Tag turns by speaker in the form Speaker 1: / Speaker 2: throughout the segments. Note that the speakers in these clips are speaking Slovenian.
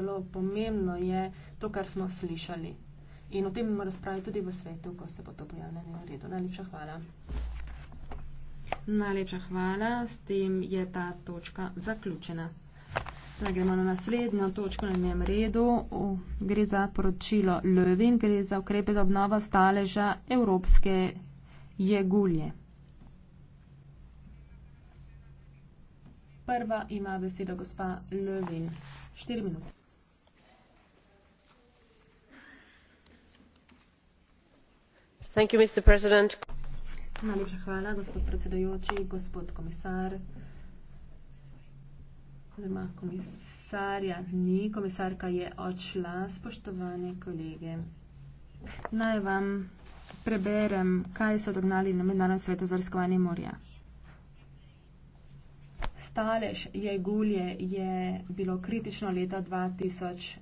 Speaker 1: zelo pomembno je to, kar smo slišali. In o tem bomo razpravljali tudi v svetu, ko se bo to pojavljalo na redu. Najlepša hvala. Najlepša hvala. S tem je ta točka zaključena. Zdaj gremo na naslednjo točko na njem redu. O, gre za poročilo Lövin, gre za ukrepe za obnova staleža evropske jegulje. Prva ima besedo gospa Lövin. Štiri minute. Najlepša hvala, gospod predsedujoči, gospod komisar. Zdaj komisarja ni, komisarka je odšla, spoštovane kolege. Naj vam preberem, kaj so dognali na Mednarodnem svetu za raziskovanje morja. Stalež Jegulje je bilo kritično leta 2012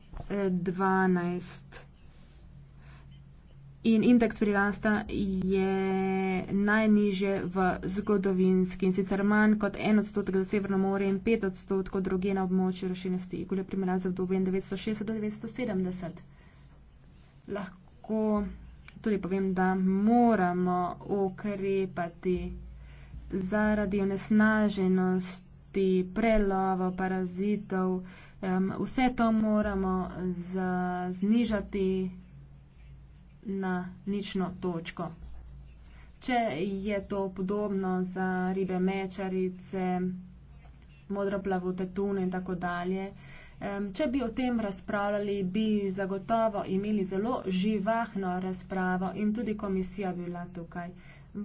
Speaker 1: in indeks prirasta je najniže v zgodovinski in sicer manj kot en odstotek za Severno more in pet odstotkov druge na območju rašinosti igule primerjal za obdobje 1960 do 1970. Lahko tudi povem, da moramo ukrepati zaradi onesnaženosti prelovo parazitov. Um, vse to moramo znižati na nično točko. Če je to podobno za ribe mečarice, modroplavote tune in tako dalje, če bi o tem razpravljali, bi zagotovo imeli zelo živahno razpravo in tudi komisija bi bila tukaj.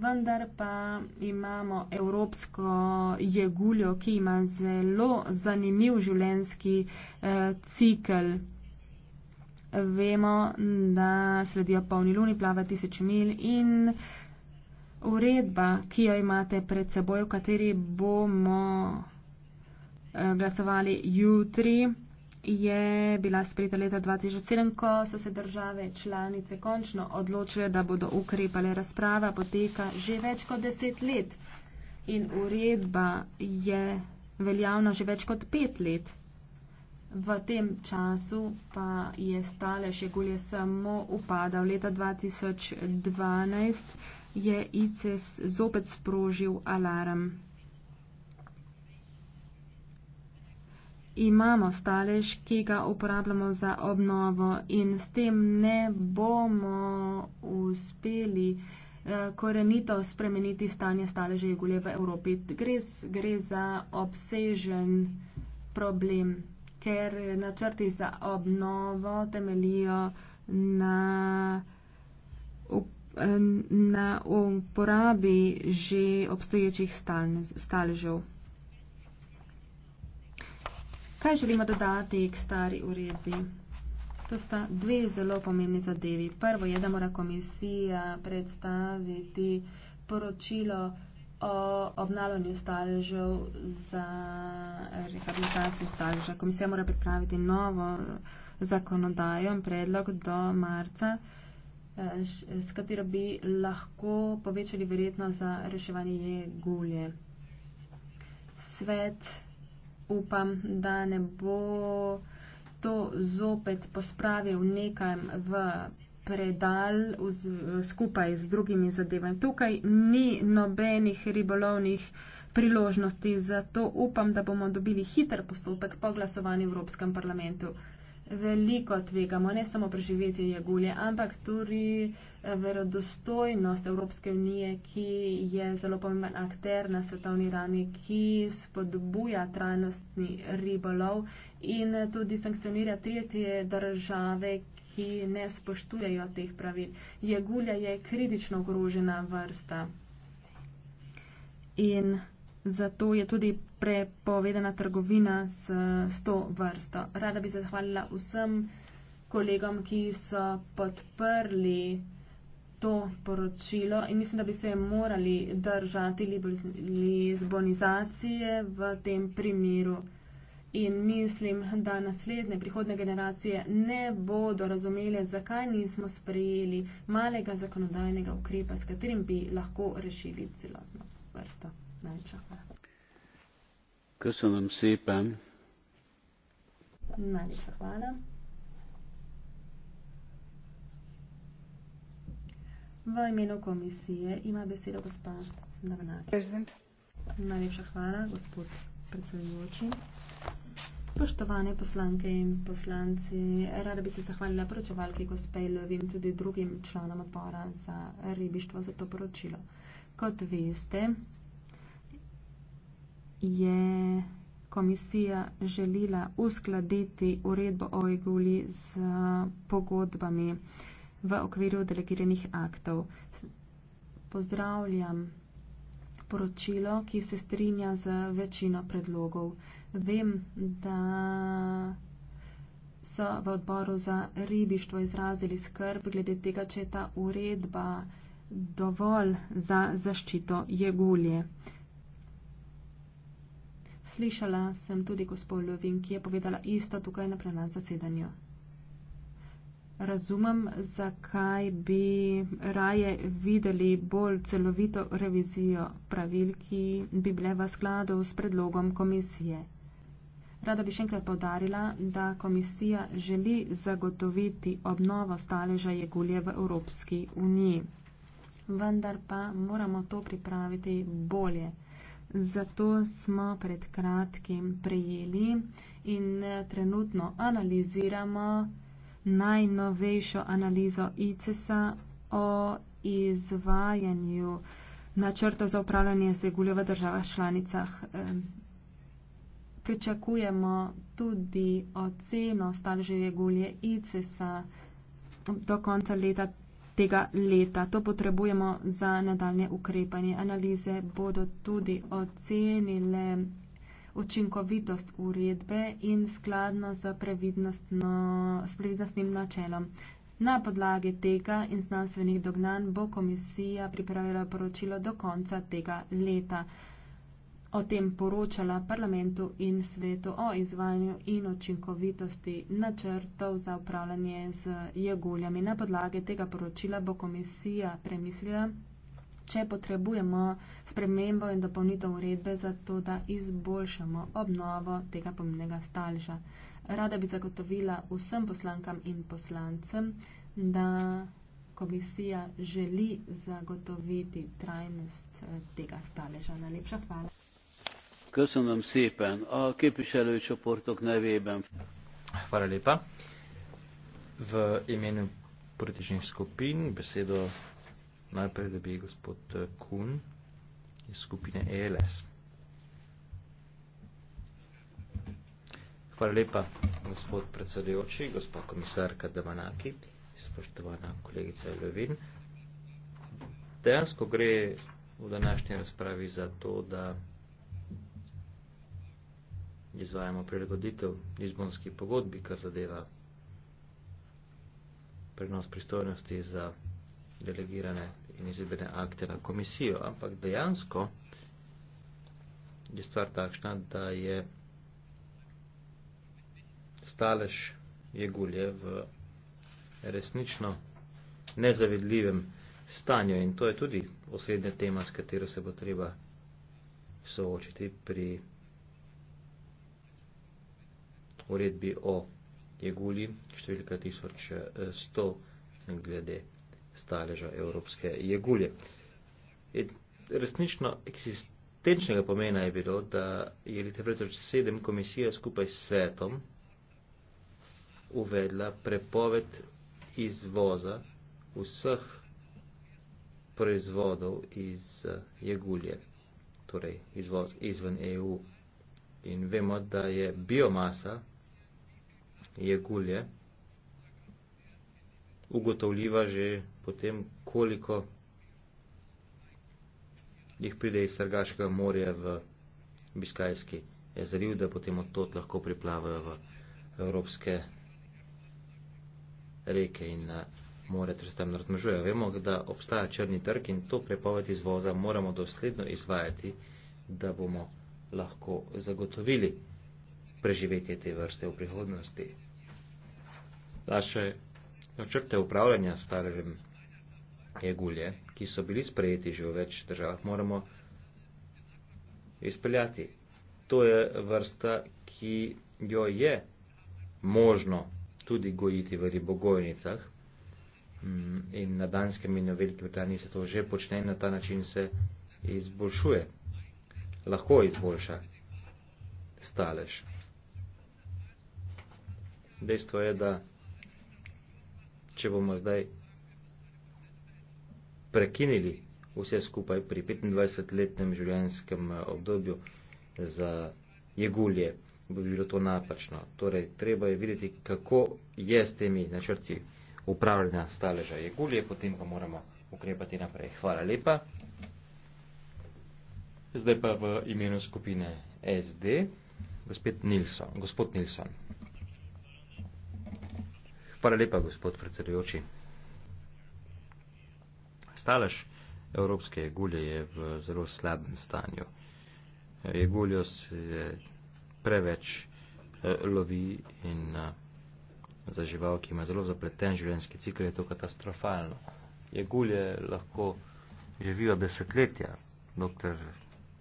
Speaker 1: Vendar pa imamo evropsko jeguljo, ki ima zelo zanimiv življenjski eh, cikl vemo, da sledijo polni luni, plava tisoč mil in uredba, ki jo imate pred seboj, v kateri bomo eh, glasovali jutri, je bila sprejeta leta 2007, ko so se države članice končno odločile, da bodo ukrepale. Razprava poteka že več kot deset let in uredba je veljavna že več kot pet let. V tem času pa je stalež Jagulje samo upadal. Leta 2012 je ICES zopet sprožil alarm. Imamo stalež, ki ga uporabljamo za obnovo in s tem ne bomo uspeli eh, korenito spremeniti stanje staleže Jagulje v Evropi. Gre, gre za obsežen problem ker načrti za obnovo temelijo na, na uporabi že obstoječih staležev. Kaj želimo dodati k stari uredbi? To sta dve zelo pomembni zadevi. Prvo je, da mora komisija predstaviti poročilo komisije, o obnavljanju staležev za rehabilitacijo staleža. Komisija mora pripraviti novo zakonodajo in predlog do marca, eh, s katero bi lahko povečali verjetno za reševanje jegulje. Svet upam, da ne bo to zopet pospravil nekaj v predal vz, skupaj z drugimi zadevami. Tukaj ni nobenih ribolovnih priložnosti, zato upam, da bomo dobili hiter postopek po glasovanju v Evropskem parlamentu. Veliko tvegamo, ne samo preživetje jagulje, ampak tudi eh, verodostojnost Evropske unije, ki je zelo pomemben akter na svetovni rani, ki spodbuja trajnostni ribolov in tudi sankcionira tretje države, ki ne spoštujejo teh pravil. Jegulja je kritično ogrožena vrsta in zato je tudi prepovedana trgovina s to vrsto. Rada bi se zahvalila vsem kolegom, ki so podprli to poročilo in mislim, da bi se morali držati liberalizacije v tem primeru. In mislim, da naslednje prihodne generacije ne bodo razumele, zakaj nismo sprejeli malega zakonodajnega ukrepa, s katerim bi lahko rešili celotno vrsto. Najlepša hvala.
Speaker 2: Köszönöm szépen.
Speaker 1: Najlepša hvala. V imenu komisije ima besedo gospa Navnak. Najlepša hvala, gospod predsedujoči. Spoštovane poslanke in poslanci, rada bi se zahvalila poročevalki gospe Levin, tudi drugim članom odbora za ribištvo za to poročilo. Kot veste, je komisija želila uskladiti uredbo o iguli e z pogodbami v okviru delegiranih aktov. Pozdravljam poročilo, ki se strinja z večino predlogov. Vem, da so v odboru za ribištvo izrazili skrb glede tega, če je ta uredba dovolj za zaščito jegulje. Slišala sem tudi gospod Ljovin, ki je povedala isto tukaj na plenarnem zasedanju razumem, zakaj bi raje videli bolj celovito revizijo pravil, ki bi bile v skladu s predlogom komisije. Rada bi še enkrat povdarila, da komisija želi zagotoviti obnovo staleža jegulje v Evropski uniji. Vendar pa moramo to pripraviti bolje. Zato smo pred kratkim prejeli in eh, trenutno analiziramo najnovejšo analizo ICESA o izvajanju načrtov za upravljanje segulje v državah članicah. Pričakujemo tudi oceno staležeje gulje ICESA do konca leta tega leta. To potrebujemo za nadaljne ukrepanje. Analize bodo tudi ocenile učinkovitost uredbe in skladno z, z previdnostnim načelom. Na podlagi tega in znanstvenih dognanj bo komisija pripravila poročilo do konca tega leta. O tem poročala parlamentu in svetu o izvajanju in učinkovitosti načrtov za upravljanje z jeguljami. Na podlagi tega poročila bo komisija premislila če potrebujemo spremembo in dopolnitev uredbe za to, da izboljšamo obnovo tega pomnega stalža. Rada bi zagotovila vsem poslankam in poslancem, da komisija želi zagotoviti trajnost eh, tega staleža. Najlepša hvala.
Speaker 2: Köszönöm szépen. A képviselőcsoportok nevében. Hvala lépa. V imenu političnih skupin besedo Najprej dobi gospod eh, Kun iz skupine ELS. Hvala lepa, gospod predsedujoči, gospod komisarka Damanaki, spoštovana kolegica Levin. Dejansko gre v današnji razpravi za to, da izvajamo prilagoditev izbonski pogodbi, kar zadeva prenos pristojnosti za delegirane in izvedene akte na komisijo, ampak dejansko je stvar takšna, da je stalež jegulje v resnično nezavedljivem stanju in to je tudi osrednja tema, s katero se bo treba soočiti pri uredbi o jegulji številka 1100 glede staleža evropske jegulje. In resnično eksistenčnega pomena je bilo, da je leta 2007 komisija skupaj s svetom uvedla prepoved izvoza vseh proizvodov iz eh, jegulje, torej izvoz izven EU. In vemo, da je biomasa jegulje, ugotovljiva že potem, koliko jih pride iz Srgaškega morja v Biskajski jezeriv, da potem od tot lahko priplavajo v evropske reke in more, ter se tam razmežujejo. Vemo, da obstaja črni trg in to prepoved izvoza moramo dosledno izvajati, da bomo lahko zagotovili preživetje te vrste v prihodnosti. Naše Načrte upravljanja starem jegulje, ki so bili sprejeti že v več državah, moramo izpeljati. To je vrsta, ki jo je možno tudi gojiti v ribogojnicah mm, in na Danskem in v Veliki Britaniji se to že počne in na ta način se izboljšuje. Lahko izboljša stalež. Dejstvo je, da če bomo zdaj prekinili vse skupaj pri 25-letnem življenjskem eh, obdobju za jegulje, bi bilo to napačno. Torej, treba je videti, kako je s temi načrti upravljanja staleža jegulje, potem pa moramo ukrepati naprej. Hvala lepa. Zdaj pa v imenu skupine SD, gospod Nilsson. Gospod Nilsson. Hvala lepa, gospod predsedujoči. Stalež evropske jegulje je v zelo slabem stanju. Jeguljo se preveč eh, lovi in eh, za žival, ki ima zelo zapleten življenjski cikl, je to katastrofalno. Jegulje lahko živijo desetletja, dokler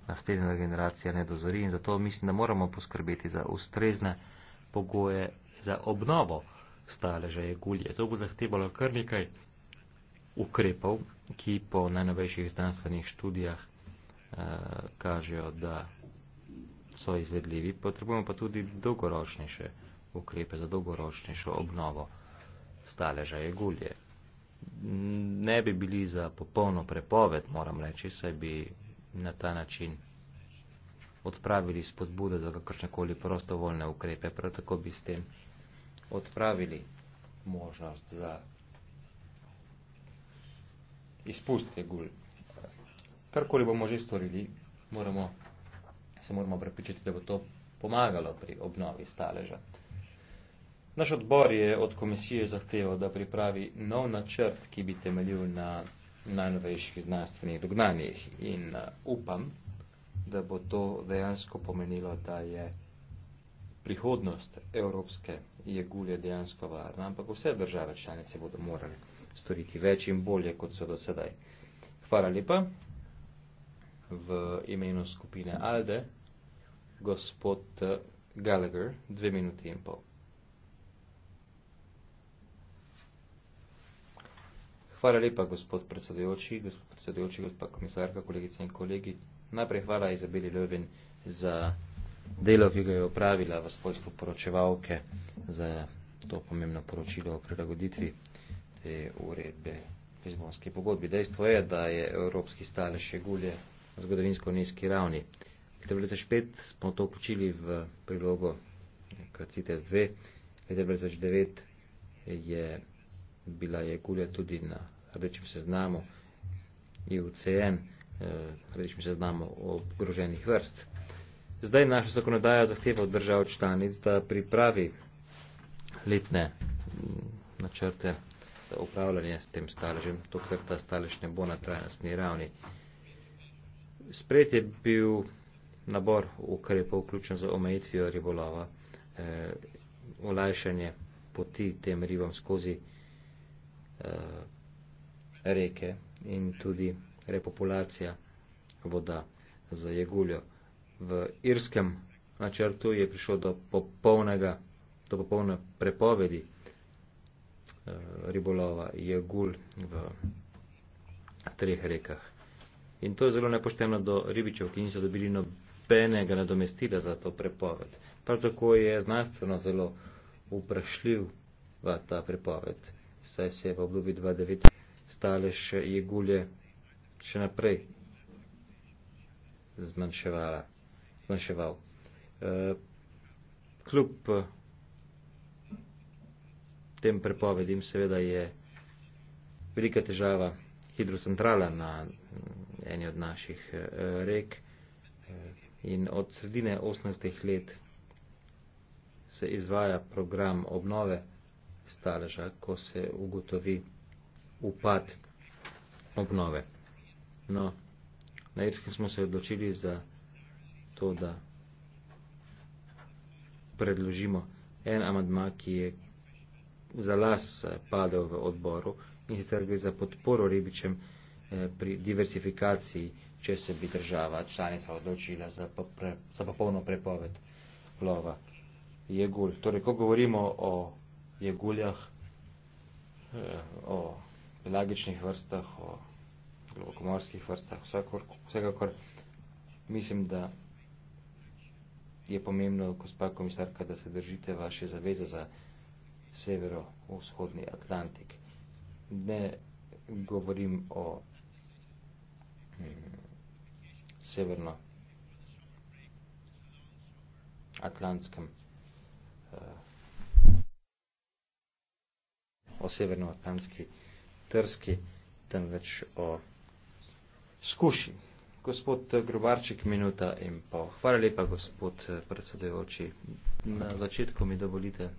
Speaker 2: naslednja generacija ne dozori in zato mislim, da moramo poskrbeti za ustrezne pogoje za obnovo staleže jegulje. To bo zahtevalo kar nekaj ukrepov, ki po najnovejših znanstvenih študijah eh, kažejo, da so izvedljivi. Potrebujemo pa tudi dolgoročnejše ukrepe za dolgoročnejšo obnovo staleža jegulje. Ne bi bili za popolno prepoved, moram reči, saj bi na ta način odpravili spodbude za kakršnekoli prostovoljne ukrepe, prav tako bi s tem odpravili možnost za izpuste gul. Karkoli bomo že storili, moramo, se moramo prepričati, da bo to pomagalo pri obnovi staleža. Naš odbor je od komisije zahteval, da pripravi nov načrt, ki bi temeljil na najnovejših znanstvenih dognanjih in uh, upam, da bo to dejansko pomenilo, da je prihodnost evropske jegulje dejansko varna, ampak vse države članice bodo morali storiti več in bolje, kot so do sedaj. Hvala lepa v imenu skupine ALDE, gospod eh, Gallagher, dve minuti in pol. Hvala lepa, gospod predsedujoči, gospod predsedujoči, gospod komisarka, kolegice in kolegi. Najprej hvala Izabeli Lövin za delo, ki ga je opravila v svojstvu poročevalke za to pomembno poročilo o prilagoditvi te uredbe v izbonski pogodbi. Dejstvo je, da je evropski stalež še gulje v zgodovinsko nizki ravni. Leta 2005 smo to vključili v prilogo CITES 2, leta 2009 je bila je gulja tudi na rdečem seznamu IUCN, eh, rdečem seznamu ogroženih vrst. Zdaj naša zakonodaja zahteva od držav članic, da pripravi letne mm, načrte za upravljanje s tem staležem, dokler ta stalež ne bo na trajnostni ravni. Sprejet je bil nabor ukrepov, vključno za omejitvijo ribolova, eh, olajšanje poti tem ribam skozi eh, reke in tudi repopulacija voda za jeguljo v irskem načrtu je prišlo do popolnega, do popolne prepovedi eh, ribolova jagul v treh rekah. In to je zelo nepošteno do ribičev, ki niso dobili nobenega nadomestila za to prepoved. Prav tako je znanstveno zelo vprašljiv v ta prepoved. Saj se je v obdobju 29 stalež jegulje še naprej zmanjševala zmanjševal. E, kljub e, tem prepovedim seveda je velika težava hidrocentrala na mm, eni od naših e, rek in od sredine 18. let se izvaja program obnove staleža, ko se ugotovi upad obnove. No, na Irskem smo se odločili za to, da predložimo en amadma, ki je za las eh, padel v odboru in sicer gre za podporo ribičem eh, pri diversifikaciji, če se bi država članica odločila za, popre, za popolno prepoved lova jegulj. Torej, ko govorimo o jeguljah, eh, o pelagičnih vrstah, o globokomorskih vrstah, vsekakor, vsekakor mislim, da je pomembno, gospa komisarka, da se držite vaše zaveze za severo-vzhodni Atlantik. Ne govorim o mm, severno-atlantskem eh, o severno-atlantski trski, temveč o skuši. Gospod Grobarček, minuta in pol. Hvala lepa, gospod predsedujoči. Na začetku mi dovolite,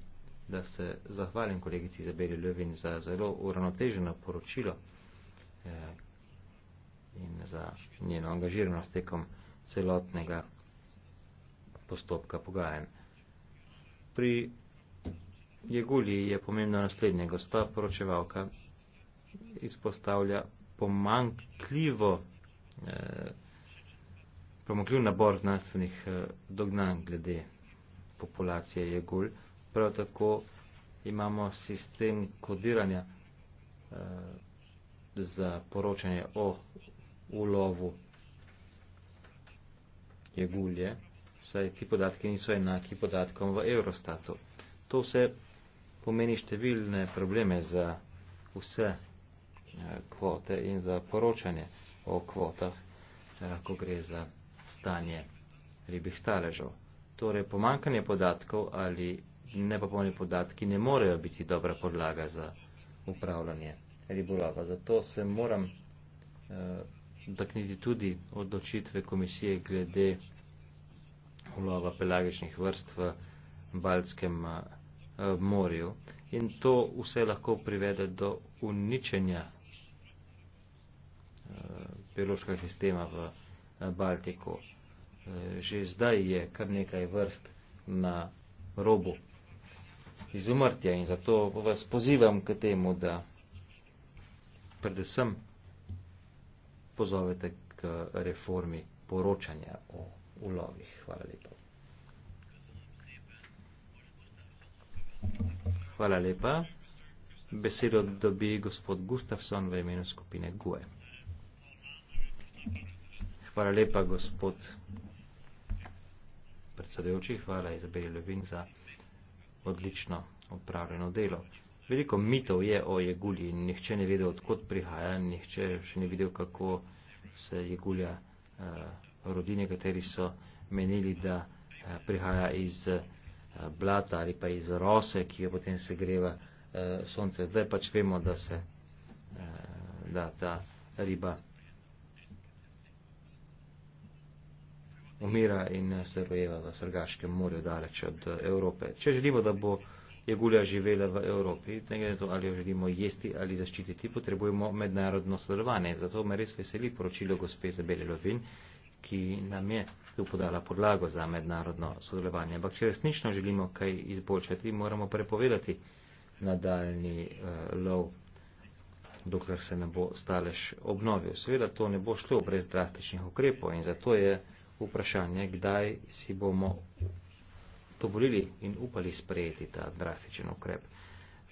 Speaker 2: da se zahvalim kolegici Izabeli Ljubin za zelo uravnoteženo poročilo eh, in za njeno angažiranost tekom celotnega postopka pogajanj. Pri Jeguli je pomembno naslednje. Gospa poročevalka izpostavlja pomankljivo eh, promokljiv nabor znanstvenih eh, dognanj glede populacije jegulj. Prav tako imamo sistem kodiranja eh, za poročanje o ulovu jegulje, saj ti podatki niso enaki podatkom v Eurostatu. To vse pomeni številne probleme za vse eh, kvote in za poročanje o kvotah, eh, ko gre za stanje ribih staležev. Torej, pomankanje podatkov ali nepopolni podatki ne morejo biti dobra podlaga za upravljanje ribolova. Zato se moram eh, dotakniti tudi odločitve komisije glede ulova pelagičnih vrst v Baljskem eh, morju. In to vse lahko privede do uničenja biološkega sistema v eh, Baltiku. Eh, že zdaj je kar nekaj vrst na robu izumrtja in zato vas pozivam k temu, da predvsem pozovete k eh, reformi poročanja o ulovih. Hvala lepa. Hvala lepa. Besedo dobi gospod Gustafsson v imenu skupine GUE. Hvala lepa, gospod predsedujoči, hvala Izabeli Levin za odlično opravljeno delo. Veliko mitov je o jegulji, nihče ne vedel, odkot prihaja, nihče še ne videl, kako se jegulja eh, rodi, nekateri so menili, da eh, prihaja iz eh, blata ali pa iz rose, ki jo potem segreva eh, sonce. Zdaj pač vemo, da se eh, da ta riba umira in eh, se rojeva v Srgaškem morju daleč od eh, Evrope. Če želimo, da bo jegulja živela v Evropi, ne glede na to, ali jo želimo jesti ali zaščititi, potrebujemo mednarodno sodelovanje. Zato me res veseli poročilo gospe Zabele Lovin, ki nam je tu podala podlago za mednarodno sodelovanje. Ampak če resnično želimo kaj izboljšati, moramo prepovedati nadaljni uh, eh, lov dokler se ne bo stalež obnovil. Seveda to ne bo šlo brez drastičnih ukrepov in zato je vprašanje, kdaj si bomo dovolili in upali sprejeti ta drastičen ukrep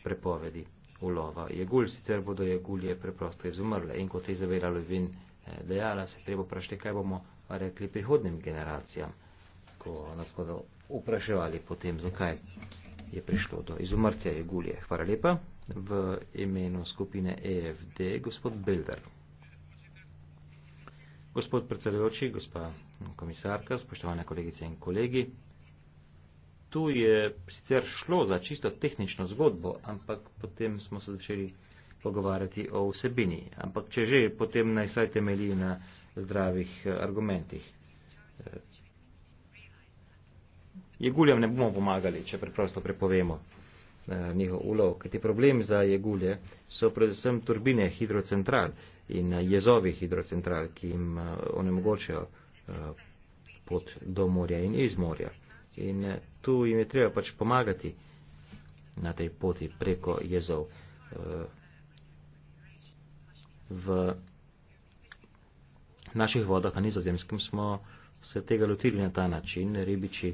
Speaker 2: prepovedi ulova. Jegulj sicer bodo jegulje preprosto izumrle in kot je Izabela Levin eh, dejala, se treba vprašati, kaj bomo rekli prihodnim generacijam, ko nas bodo vpraševali potem, zakaj je prišlo do izumrtja jegulje. Hvala lepa. V imenu skupine EFD, gospod Bilder. Gospod predsedujoči, gospa komisarka, spoštovane kolegice in kolegi. Tu je sicer šlo za čisto tehnično zgodbo, ampak potem smo se začeli pogovarjati o vsebini. Ampak če že, potem naj saj temelji na zdravih eh, argumentih. Eh, Jeguljem ne bomo pomagali, če preprosto prepovemo eh, njihov ulov, kajti problem za jegulje so predvsem turbine hidrocentral in jezovi hidrocentral, ki jim onemogočajo Eh, pot do morja in iz morja. In eh, tu jim je treba pač pomagati na tej poti preko jezov. Eh, v naših vodah na nizozemskem smo se tega lotili na ta način. Ribiči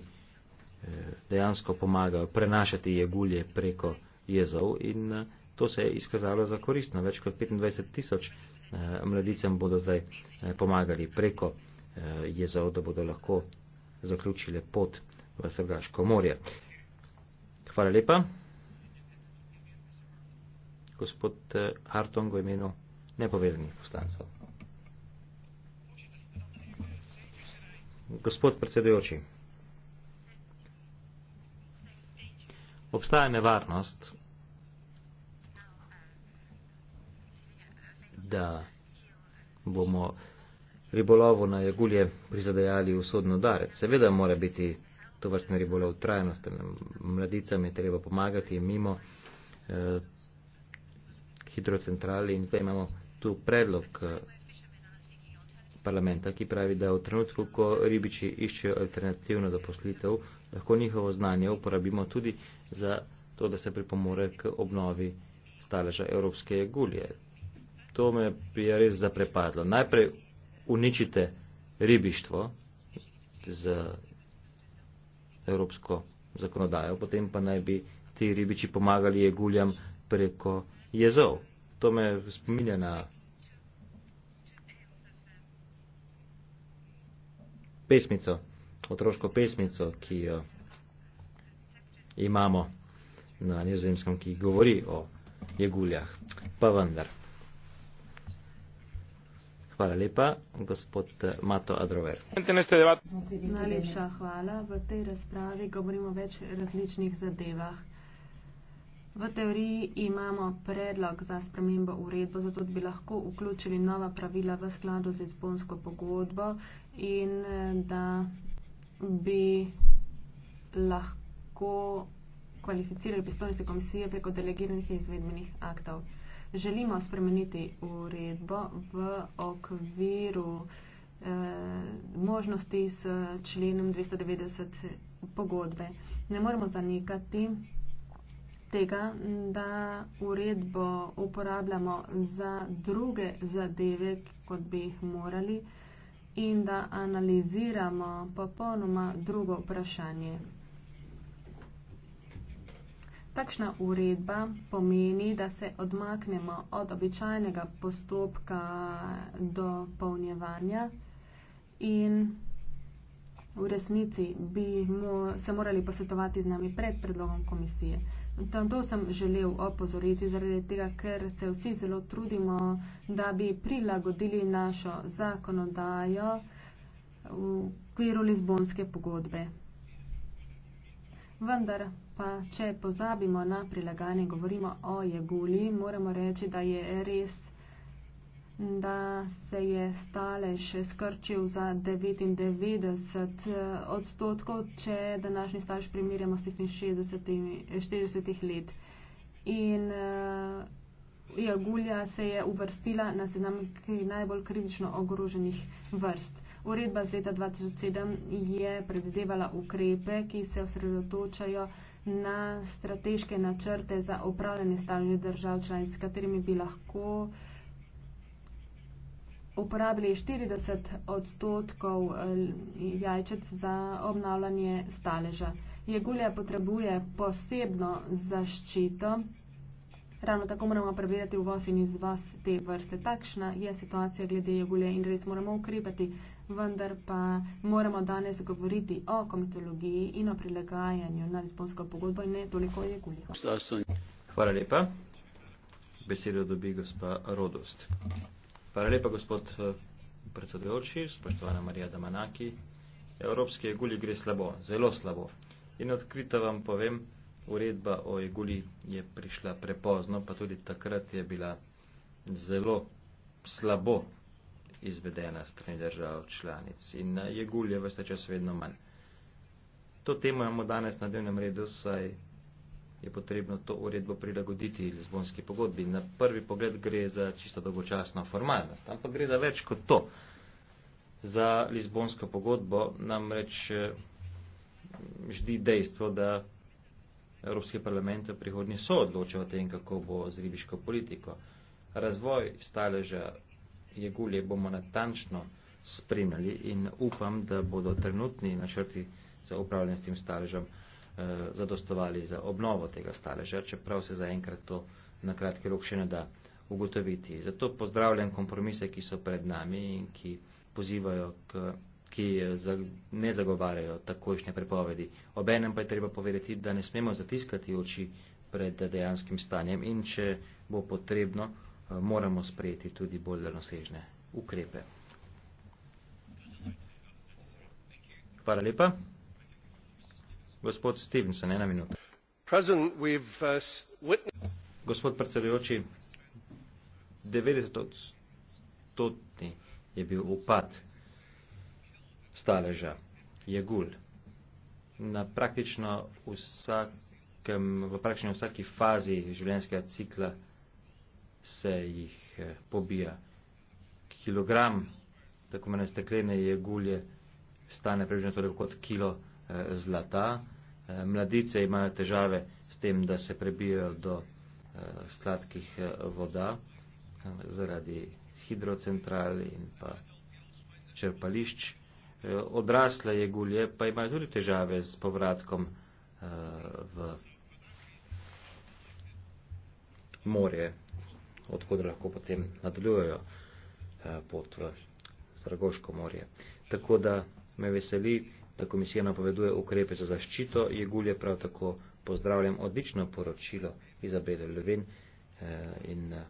Speaker 2: dejansko pomagajo prenašati jegulje preko jezov in to se je izkazalo za koristno. Več kot 25 tisoč mladicem bodo zdaj pomagali preko jezov. Eh, jezov, da bodo lahko zaključile pot v Srgaško morje. Hvala lepa. Gospod eh, Hartong v imenu nepovezanih poslancev. Gospod predsedujoči. Obstaja nevarnost, da bomo ribolovu na jagulje prizadajali usodno darec. Seveda mora biti to vrstne ribolov trajnost, mladicam je treba pomagati mimo eh, hidrocentrali in zdaj imamo tu predlog eh, parlamenta, ki pravi, da v trenutku, ko ribiči iščejo alternativno zaposlitev, lahko njihovo znanje uporabimo tudi za to, da se pripomore k obnovi staleža evropske jagulje. To me je res zaprepadlo. Najprej uničite ribištvo z evropsko zakonodajo, potem pa naj bi ti ribiči pomagali jeguljam preko jezov. To me spominja na pesmico, otroško pesmico, ki jo imamo na nizozemskem, ki govori o jeguljah, pa vendar. Hvala lepa, gospod Mato Adrover.
Speaker 1: Najlepša hvala. V tej razpravi govorimo o več različnih zadevah. V teoriji imamo predlog za spremembo uredbo, zato bi lahko vključili nova pravila v skladu z izbonsko pogodbo in da bi lahko kvalificirali pristojnosti komisije preko delegiranih izvedbenih aktov želimo spremeniti uredbo v okviru eh, možnosti s členom 290 pogodbe. Ne moremo zanikati tega, da uredbo uporabljamo za druge zadeve, kot bi jih morali in da analiziramo popolnoma drugo vprašanje. Takšna uredba pomeni, da se odmaknemo od običajnega postopka dopolnjevanja in v resnici bi mo se morali posvetovati z nami pred predlogom komisije. To sem želel opozoriti zaradi tega, ker se vsi zelo trudimo, da bi prilagodili našo zakonodajo v okviru Lizbonske pogodbe. Vendar pa, če pozabimo na prilagajanje in govorimo o jeguli, moramo reči, da je res, da se je stalež skrčil za 99 eh, odstotkov, če današnji stalež primerjamo s tistim 60, 60 let. In uh, eh, jagulja se je uvrstila na seznam najbolj kritično ogroženih vrst. Uredba z leta 2007 je predvidevala ukrepe, ki se osredotočajo na strateške načrte za upravljanje stalnih držav članic, s katerimi bi lahko uporabili 40 odstotkov eh, jajčet za obnavljanje staleža. Jegulja potrebuje posebno zaščito. Ravno tako moramo preverjati uvoz in izvoz te vrste. Takšna je situacija glede jegulje in res moramo ukrepati, vendar pa moramo danes govoriti o komitologiji in o prilagajanju na lisbonsko pogodbo in ne toliko o
Speaker 3: jegulji.
Speaker 2: Hvala lepa. Besedo dobi gospa Rodost. Hvala lepa, gospod eh, predsedujoči, spoštovana Marija Damanaki. Evropske jegulji gre slabo, zelo slabo. In odkrito vam povem, uredba o Eguli je prišla prepozno, pa tudi takrat je bila zelo slabo izvedena strani držav članic in Egul je vse čas vedno manj. To temo imamo danes na dnevnem redu, saj je potrebno to uredbo prilagoditi Lizbonski pogodbi. Na prvi pogled gre za čisto dolgočasno formalnost, ampak gre za več kot to. Za Lizbonsko pogodbo namreč eh, ždi dejstvo, da Evropski parlament v prihodnji so odločil o tem, kako bo z ribiško politiko. Razvoj staleža jegulje bomo natančno spremljali in upam, da bodo trenutni načrti za upravljanje s tem staležem eh, zadostovali za obnovo tega staleža, čeprav se zaenkrat to na kratki rok še ne da ugotoviti. Zato pozdravljam kompromise, ki so pred nami in ki pozivajo k ki eh, ne zagovarjajo takošnje prepovedi. Obenem pa je treba povedati, da ne smemo zatiskati oči pred dejanskim stanjem in če bo potrebno, eh, moramo sprejeti tudi bolj dalnosežne ukrepe. Hvala lepa. Gospod Stevenson, ena minuta. Uh, Gospod predsedujoči, 90-odstotni je bil upad staleža je gul. Na praktično vsakem, v praktično vsaki fazi življenjskega cikla se jih eh, pobija. Kilogram, tako mene steklene jegulje, stane približno toliko kot kilo eh, zlata. Eh, mladice imajo težave s tem, da se prebijajo do sladkih voda zaradi hidrocentrali in pa črpališči. Eh, odrasle jegulje pa imajo tudi težave z povratkom uh, v morje, odkud lahko potem nadaljujejo uh, pot v Zragoško morje. Tako da me veseli, da komisija napoveduje ukrepe za zaščito jegulje, prav tako pozdravljam odlično poročilo Izabele Levin uh, in uh,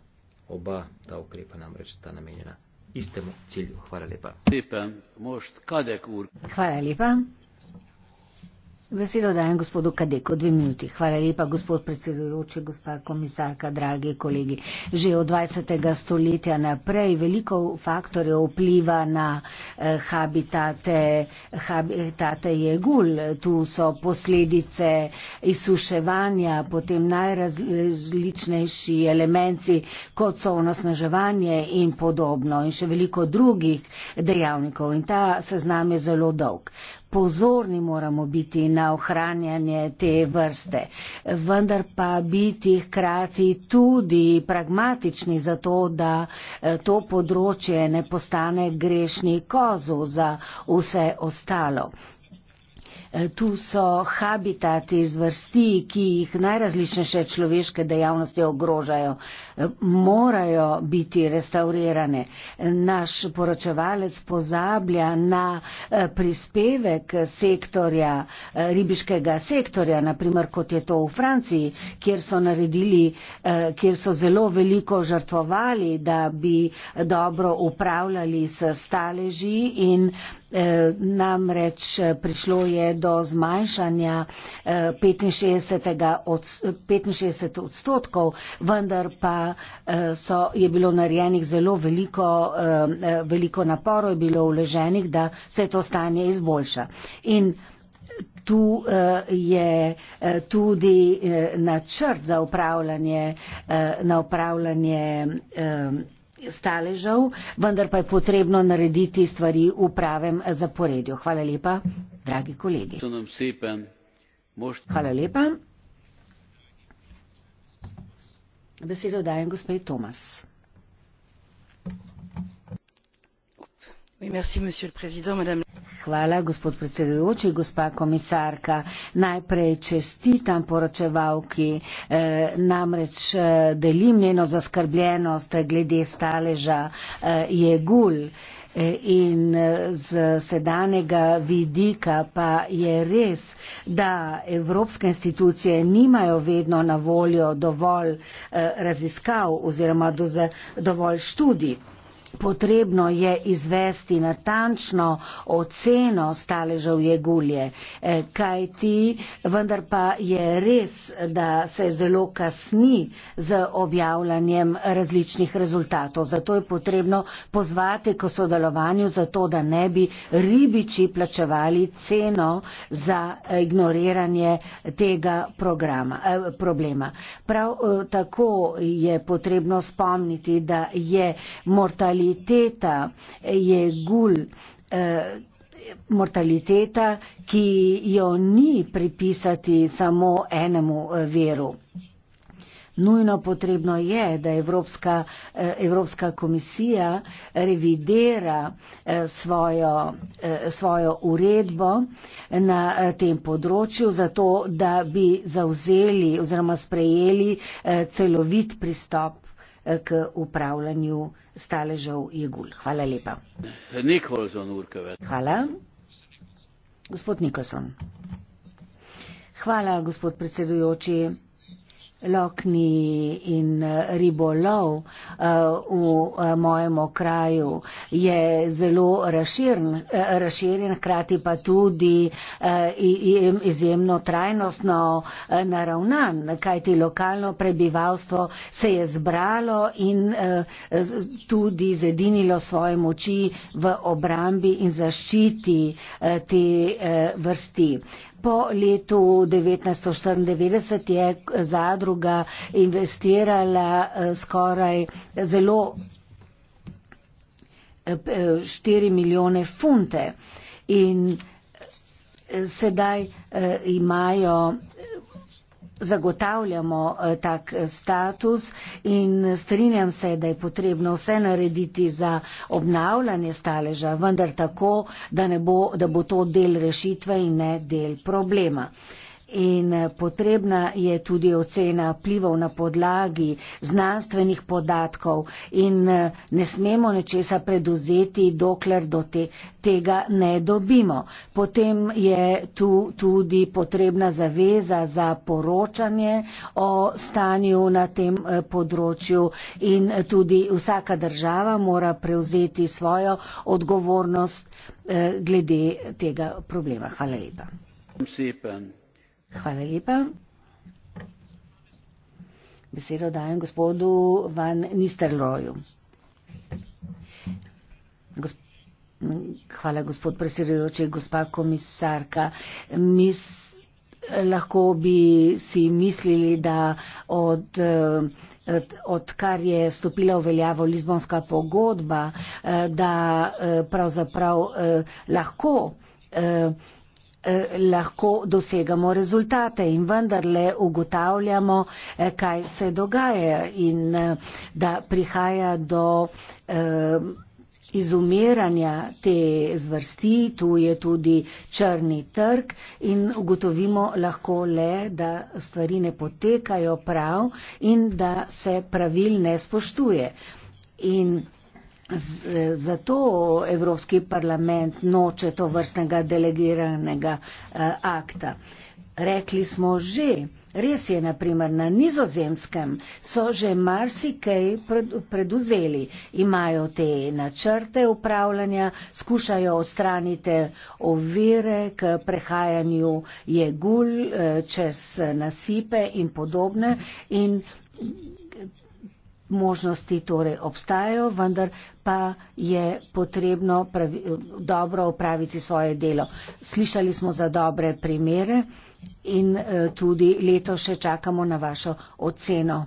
Speaker 2: oba ta ukrepa namreč sta namenjena istemu cilju. Hvala lepa.
Speaker 3: Hvala lepa. Veselo dajem gospodu Kadeko dve minuti. Hvala lepa, gospod predsedujoči, gospa komisarka, dragi kolegi. Že od 20. stoletja naprej veliko faktorjev vpliva na eh, habitate, habitate jegul. Tu so posledice izsuševanja, potem najrazličnejši elementi, kot so onosnaževanje in podobno in še veliko drugih dejavnikov. In ta seznam je zelo dolg pozorni moramo biti na ohranjanje te vrste, vendar pa biti hkrati tudi pragmatični za to, da eh, to področje ne postane grešni kozu za vse ostalo. Tu so habitati zvrsti, ki jih najrazličnejše človeške dejavnosti ogrožajo, morajo biti restaurirane. Naš poročevalec pozablja na eh, prispevek sektorja, eh, ribiškega sektorja, naprimer kot je to v Franciji, kjer so, naredili, eh, kjer so zelo veliko žrtvovali, da bi dobro upravljali s staleži in Eh, namreč eh, prišlo je do zmanjšanja 65 eh, odstotkov, vendar pa so, je bilo narejenih zelo veliko, veliko naporov, je bilo uleženih, da se to stanje izboljša. In Tu je tudi načrt za upravljanje, na upravljanje staležev, vendar pa je potrebno narediti stvari v pravem zaporedju. Hvala lepa, dragi kolegi. Hvala lepa. Besedo dajem gospej Tomas. Oui, merci, Monsieur le Président, Madame. Hvala, gospod predsedujoči, gospa komisarka. Najprej čestitam poročevalki, eh, namreč eh, delim njeno zaskrbljenost glede staleža eh, Jegul. In z sedanjega vidika pa je res, da evropske institucije nimajo vedno na voljo dovolj raziskav oziroma dovolj študij. Potrebno je izvesti natančno oceno staležev jegulje, e, kaj ti, vendar pa je res, da se zelo kasni z objavljanjem različnih rezultatov. Zato je potrebno pozvati k sodelovanju, zato da ne bi ribiči plačevali ceno za ignoriranje tega programa, eh, problema. Prav eh, tako je potrebno spomniti, da je mortalitet mortaliteta je gul, eh, mortaliteta, ki jo ni pripisati samo enemu eh, veru. Nujno potrebno je, da Evropska, eh, Evropska komisija revidira eh, svojo, svojo uredbo na tem področju, zato da bi zauzeli oziroma sprejeli celovit pristop k upravljanju staležev jegul. Hvala lepa. Nikolson, Hvala. Gospod Nikolson. Hvala, gospod predsedujoči lokni in eh, ribolov eh, v eh, mojem kraju je zelo razširen, razširen, hkrati pa tudi izjemno trajnostno naravnan, kajti lokalno prebivalstvo se je zbralo in tudi zedinilo svoje moči v obrambi in zaščiti te vrsti po letu 1994 je zadruga investirala eh, skoraj zelo 4 eh, eh, milijone funte in sedaj imajo zagotavljamo eh, tak eh, status in strinjam se, da je potrebno vse narediti za obnavljanje staleža, vendar tako, da, bo, da bo to del rešitve in ne del problema. In eh, potrebna je tudi ocena plivov na podlagi znanstvenih podatkov in eh, ne smemo nečesa preduzeti, dokler do te, tega ne dobimo. Potem je tu tudi potrebna zaveza za poročanje o stanju na tem eh, področju in tudi vsaka država mora prevzeti svojo odgovornost glede tega problema. Hvala lepa. Hvala lepa. Besedo dajem gospodu Van Nisterloju. Gosp Hvala, gospod predsedujoči, gospa komisarka. Mis lahko bi si mislili, da od, odkar je stopila v veljavo Lizbonska pogodba, eh, da eh, pravzaprav eh, lahko Eh, lahko dosegamo rezultate in vendarle ugotavljamo, eh, kaj se dogaja in eh, da prihaja do izumiranja te zvrsti, tu je tudi črni trg in ugotovimo lahko le, da stvari ne potekajo prav in da se pravil ne spoštuje. In Eh, zato Evropski parlament noče to vrstnega delegiranega eh, akta. Rekli smo že, res je, naprimer na nizozemskem so že marsikaj preduzeli, imajo te načrte upravljanja, skušajo odstraniti ovire k prehajanju jegul eh, čez nasipe in podobne. In možnosti torej obstajajo, vendar pa je potrebno pravi, dobro opraviti svoje delo. Slišali smo za dobre primere in eh, tudi leto še čakamo na vašo oceno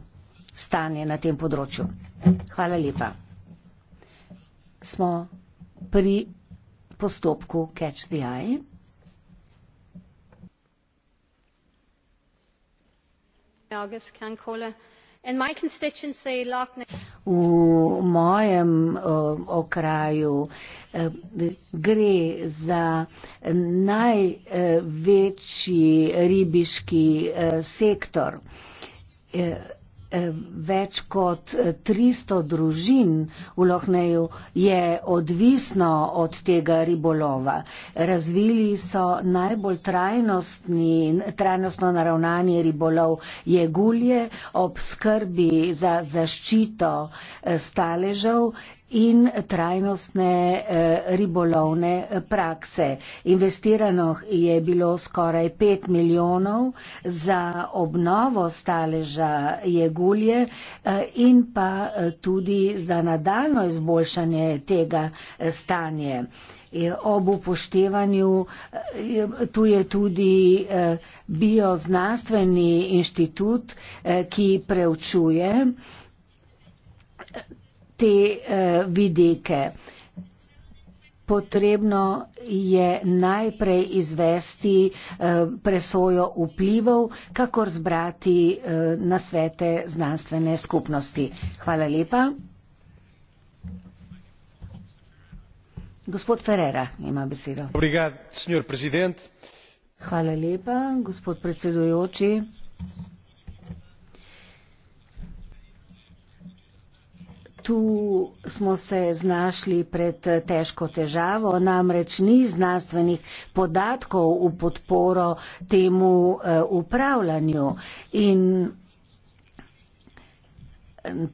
Speaker 3: stanje na tem področju. Hvala lepa. Smo pri postopku Catch the Eye. August, Kernkohle. In my constituency, Loch Ness. V mojem uh, okraju uh, gre za največji ribiški uh, sektor. Uh, Eh, več kot 300 eh, družin v Lohneju je odvisno od tega ribolova. Razvili so najbolj trajnostno naravnanje ribolov jegulje ob skrbi za zaščito eh, staležev in trajnostne eh, ribolovne eh, prakse. Investirano je bilo skoraj 5 milijonov za obnovo staleža jegulje eh, in pa tudi za nadaljno izboljšanje tega stanje. Ob upoštevanju tu je tudi bioznanstveni inštitut, ki preučuje te eh, vidike. Potrebno je najprej izvesti eh, presojo vplivov, kakor zbrati eh, na svete znanstvene skupnosti. Hvala lepa. Gospod Ferrera ima besedo. Obrigad, Hvala lepa, gospod predsedujoči. tu smo se znašli pred težko težavo, namreč ni znanstvenih podatkov v podporo temu eh, upravljanju. In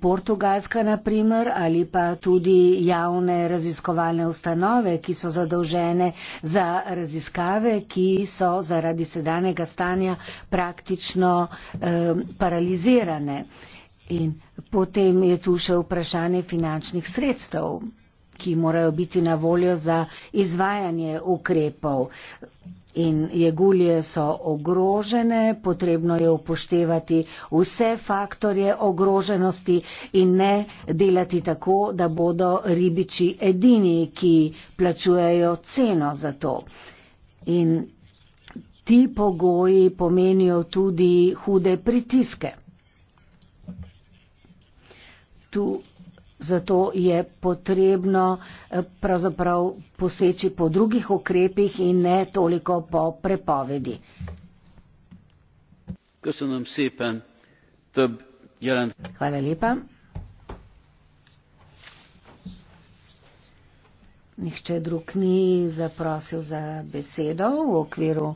Speaker 3: Portugalska, naprimer, ali pa tudi javne raziskovalne ustanove, ki so zadolžene za raziskave, ki so zaradi sedanjega stanja praktično eh, paralizirane. In Potem je tu še vprašanje finančnih sredstev, ki morajo biti na voljo za izvajanje ukrepov. In jegulje so ogrožene, potrebno je upoštevati vse faktorje ogroženosti in ne delati tako, da bodo ribiči edini, ki plačujejo ceno za to. In ti pogoji pomenijo tudi hude pritiske tu, zato je potrebno eh, pravzaprav poseči po drugih okrepih in ne toliko po prepovedi. Hvala lepa. Nihče drug ni zaprosil za besedo v okviru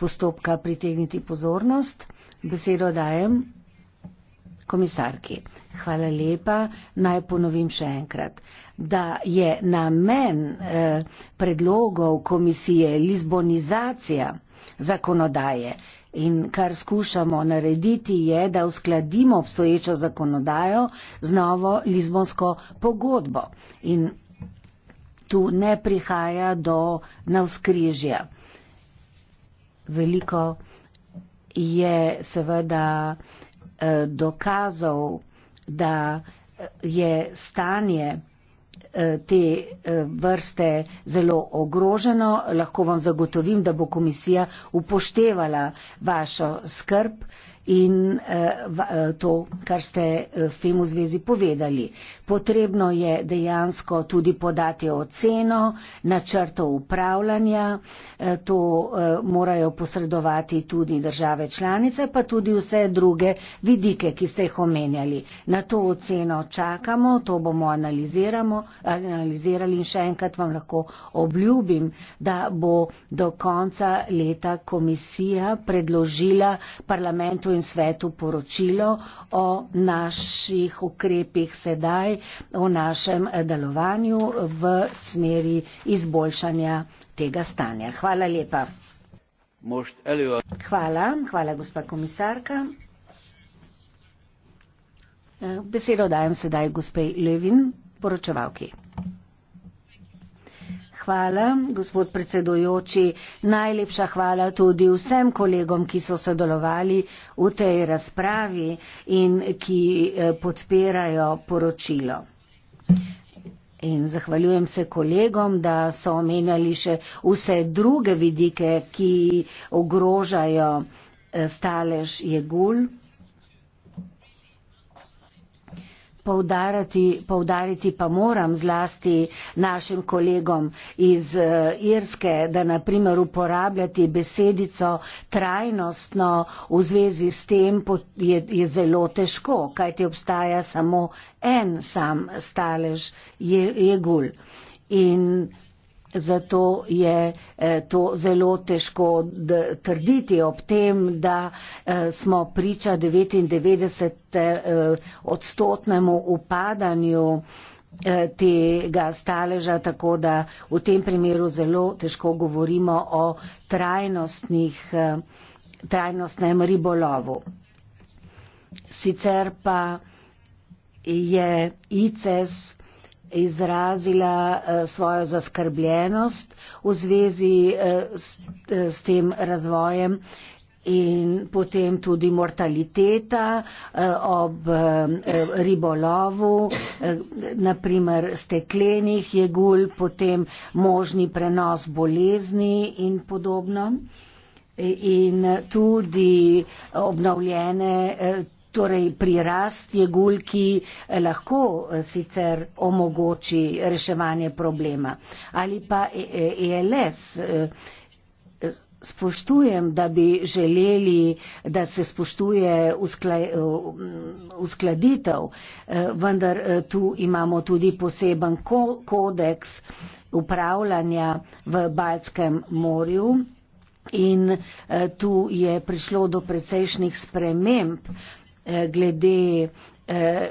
Speaker 3: postopka pritegniti pozornost. Besedo dajem komisarki. Hvala lepa. Naj ponovim še enkrat, da je namen eh, predlogov komisije Lizbonizacija zakonodaje in kar skušamo narediti je, da uskladimo obstoječo zakonodajo z novo Lizbonsko pogodbo in tu ne prihaja do navskrižja. Veliko je seveda eh, Eh, dokazov, da je stanje eh, te eh, vrste zelo ogroženo. Lahko vam zagotovim, da bo komisija upoštevala vašo skrb in eh, eh, to, kar ste eh, s tem v zvezi povedali. Potrebno je dejansko tudi podati oceno načrtov upravljanja, eh, to eh, morajo posredovati tudi države članice, pa tudi vse druge vidike, ki ste jih omenjali. Na to oceno čakamo, to bomo analizirali in še enkrat vam lahko obljubim, da bo do konca leta komisija predložila parlamentu in svetu poročilo o naših ukrepih sedaj, o našem eh, delovanju v smeri izboljšanja tega stanja. Hvala lepa. Hvala, hvala gospa komisarka. Eh, besedo dajem sedaj gospej Levin, poročevalki hvala, gospod predsedujoči. Najlepša hvala tudi vsem kolegom, ki so sodelovali v tej razpravi in ki eh, podpirajo poročilo. In zahvaljujem se kolegom, da so omenjali še vse druge vidike, ki ogrožajo eh, stalež jegul. Poudariti, poudariti pa moram zlasti našim kolegom iz eh, Irske, da naprimer uporabljati besedico trajnostno v zvezi s tem je, je zelo težko, kajti obstaja samo en sam stalež, je, je gul. In Zato je eh, to zelo težko trditi ob tem, da eh, smo priča 99 eh, odstotnemu upadanju tega staleža, tako da v tem primeru zelo težko govorimo o trajnostnem ribolovu. Sicer pa je ICES izrazila eh, svojo zaskrbljenost v zvezi eh, s, eh, s tem razvojem in potem tudi mortaliteta ob ribolovu, naprimer steklenih jegul, potem možni prenos bolezni in podobno. E, in tudi obnovljene torej prirast jegulj, ki eh, lahko eh, sicer omogoči reševanje problema. Ali pa ELS. E, e eh, spoštujem, da bi želeli, da se spoštuje mm, uskladitev, vendar tu imamo tudi poseben kodeks upravljanja v Baltskem morju in tu je prišlo do precejšnjih sprememb. Eh, glede eh,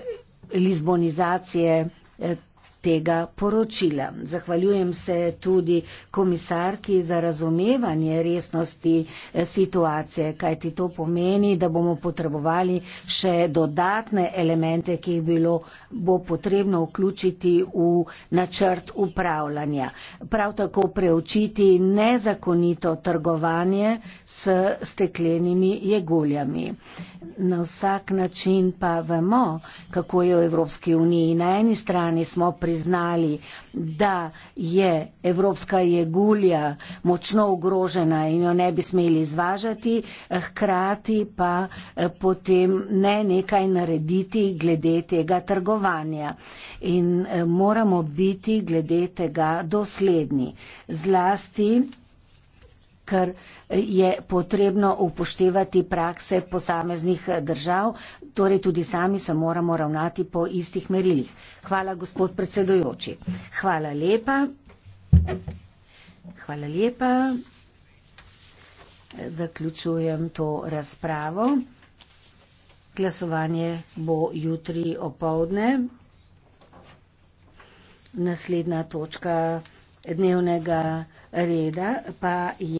Speaker 3: lizbonizacije eh, tega poročila. Zahvaljujem se tudi komisarki za razumevanje resnosti eh, situacije, kajti to pomeni, da bomo potrebovali še dodatne elemente, ki jih bilo, bo potrebno vključiti v načrt upravljanja. Prav tako preučiti nezakonito trgovanje s steklenimi jeguljami. Na vsak način pa vemo, kako je v Evropski uniji. Na eni strani smo pri priznali, da je evropska jegulja močno ogrožena in jo ne bi smeli izvažati, hkrati pa eh, potem ne nekaj narediti glede tega trgovanja. In eh, moramo biti glede tega dosledni. Zlasti ker je potrebno upoštevati prakse posameznih držav, torej tudi sami se moramo ravnati po istih merilih. Hvala, gospod predsedujoči. Hvala lepa. Hvala lepa. Zaključujem to razpravo. Glasovanje bo jutri opovdne. Naslednja točka dnevnega reda pa je.